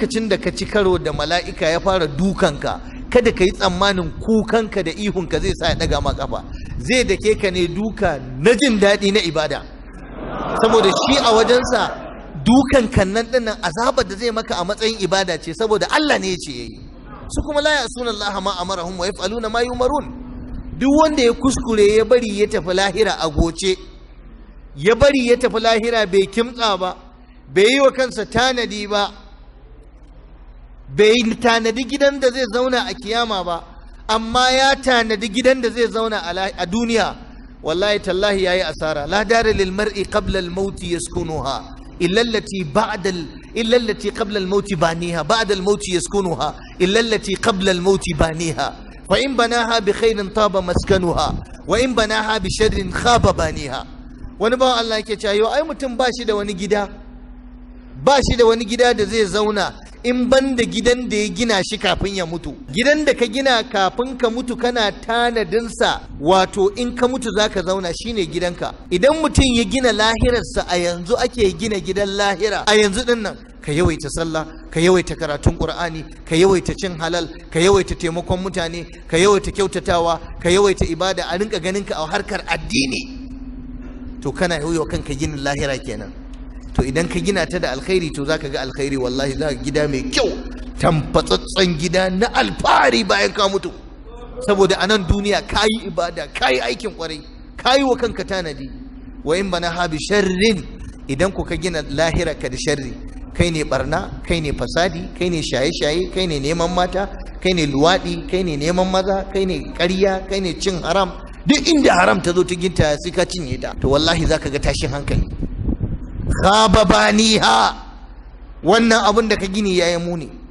lokacin da ka ci karo da mala'ika ya fara dukanka kada ka yi tsammanin kukanka da ihunka zai sa ya ɗaga ma ƙafa zai dake ka ne duka na jin daɗi na ibada saboda shi a wajensa dukan kannan ɗinnan azabar da zai maka a matsayin ibada ce saboda Allah ne ce yayi su kuma la ya'suna Allah ma amarahum wa yaf'aluna ma yumarun duk wanda ya kuskure ya bari ya tafi lahira a goce ya bari ya tafi lahira bai kimtsa ba bai yi wa kansa tanadi ba bai tanadi gidan da zai zauna a kiyama ba amma ya tanadi gidan da zai zauna a duniya wallahi tallahi yayi asara la dara lil mar'i qabla al maut yaskunuha illa allati ba'da illa allati qabla al maut baniha ba'da al maut yaskunuha illa allati qabla al maut baniha wa in banaha bi khairin taba maskanuha wa in banaha bi sharrin khaba baniha wani bawan Allah yake cewa ai mutum ba shi da wani gida ba shi da wani gida da zai zauna in ban da gidan da ya gina shi kafin ya mutu gidan da ka gina kafin ka mutu kana tanadinsa wato in ka mutu za ka zauna shine gidanka idan mutum ya gina lahirarsa a yanzu ake gina gidan lahira a yanzu din nan ka yawaita sallah ka yawaita karatun qur'ani ka yawaita cin halal ka yawaita taimakon mutane ka yawaita kyautatawa ka yawaita ibada a rinka ganin ka a harkar addini to kana yoyo kanka ginin lahira kenan to idan ka gina ta da alkhairi to zaka ga alkhairi wallahi za gida mai kyau tamfatsatsen gida na alfahari bayan ka mutu saboda a nan duniya ka yi ibada ka yi aikin kwarai ka yi wa kanka tanadi wa in bana habi sharrin idan kuka ka gina lahira ka da sharri kai ne barna kai ne fasadi kai ne shaye-shaye kai ne neman mata kai ne luwaɗi kai ne neman maza kai ne ƙarya kai ne cin haram duk inda haram ta zo ta ginta sai ka cinye ta to wallahi zaka ga tashin hankali ni ha wannan abin da ka gini yi muni